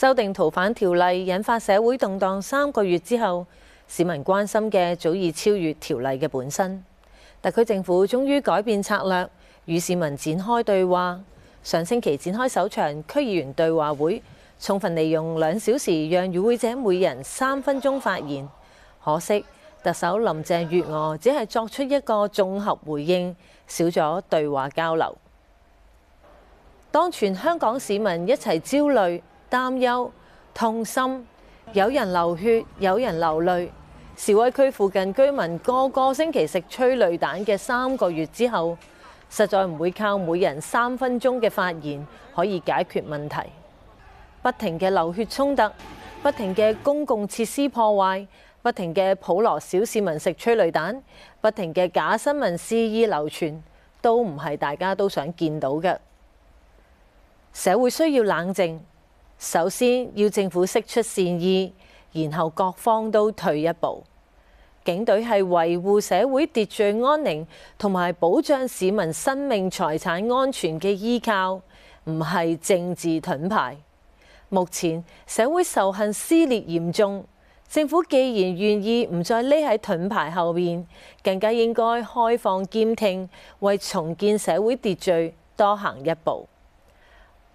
修訂逃犯條例引發社會動盪，三個月之後，市民關心嘅早已超越條例嘅本身。特區政府終於改變策略，與市民展開對話。上星期展開首場區議員對話會，充分利用兩小時，讓與會者每人三分鐘發言。可惜，特首林鄭月娥只係作出一個綜合回應，少咗對話交流。當全香港市民一齊焦慮，擔憂、痛心，有人流血，有人流淚。示威區附近居民個個星期食催淚彈嘅三個月之後，實在唔會靠每人三分鐘嘅發言可以解決問題。不停嘅流血衝突，不停嘅公共設施破壞，不停嘅普羅小市民食催淚彈，不停嘅假新聞肆意流傳，都唔係大家都想見到嘅。社會需要冷靜。首先要政府釋出善意，然後各方都退一步。警隊係維護社會秩序安寧，同埋保障市民生命財產安全嘅依靠，唔係政治盾牌。目前社會仇恨撕裂嚴重，政府既然願意唔再匿喺盾牌後面，更加應該開放兼聽，為重建社會秩序多行一步。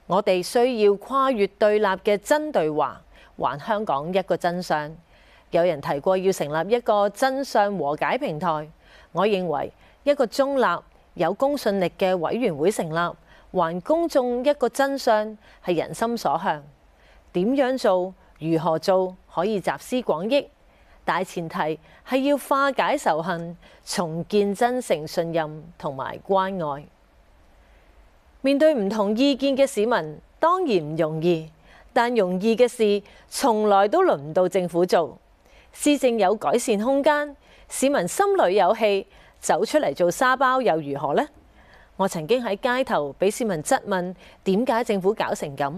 我哋需要跨越對立嘅真對話，還香港一個真相。有人提過要成立一個真相和解平台，我認為一個中立、有公信力嘅委員會成立，還公眾一個真相係人心所向。點樣做、如何做可以集思廣益，大前提係要化解仇恨，重建真誠信任同埋關愛。面對唔同意見嘅市民，當然唔容易。但容易嘅事，從來都輪唔到政府做。市政有改善空間，市民心裏有氣，走出嚟做沙包又如何呢？我曾經喺街頭俾市民質問，點解政府搞成咁？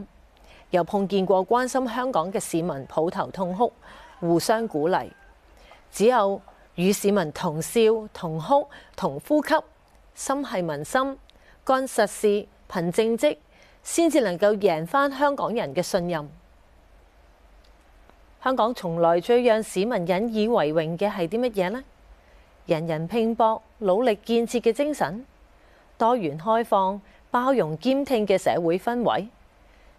又碰見過關心香港嘅市民抱頭痛哭，互相鼓勵。只有與市民同笑、同哭、同呼吸，心繫民心，幹實事。憑政績先至能夠贏翻香港人嘅信任。香港從來最讓市民引以為榮嘅係啲乜嘢呢？人人拼搏、努力建設嘅精神；多元開放、包容兼聽嘅社會氛圍；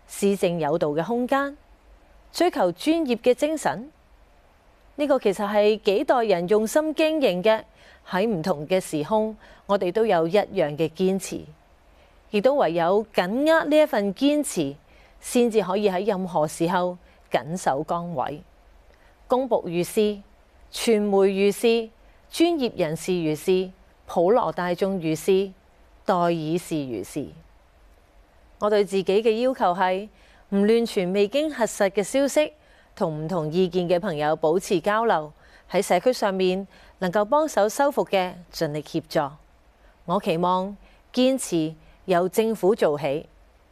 市政有道嘅空間；追求專業嘅精神。呢、這個其實係幾代人用心經營嘅，喺唔同嘅時空，我哋都有一樣嘅堅持。亦都唯有緊握呢一份堅持，先至可以喺任何時候緊守崗位。公僕如是，傳媒如是，專業人士如是，普羅大眾如是，代議士如是。我對自己嘅要求係唔亂傳未經核實嘅消息，同唔同意見嘅朋友保持交流。喺社區上面能夠幫手修復嘅，盡力協助。我期望堅持。由政府做起，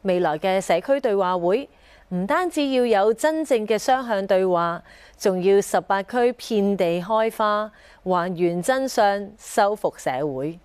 未來嘅社區對話會唔單止要有真正嘅雙向對話，仲要十八區遍地開花，還原真相，修復社會。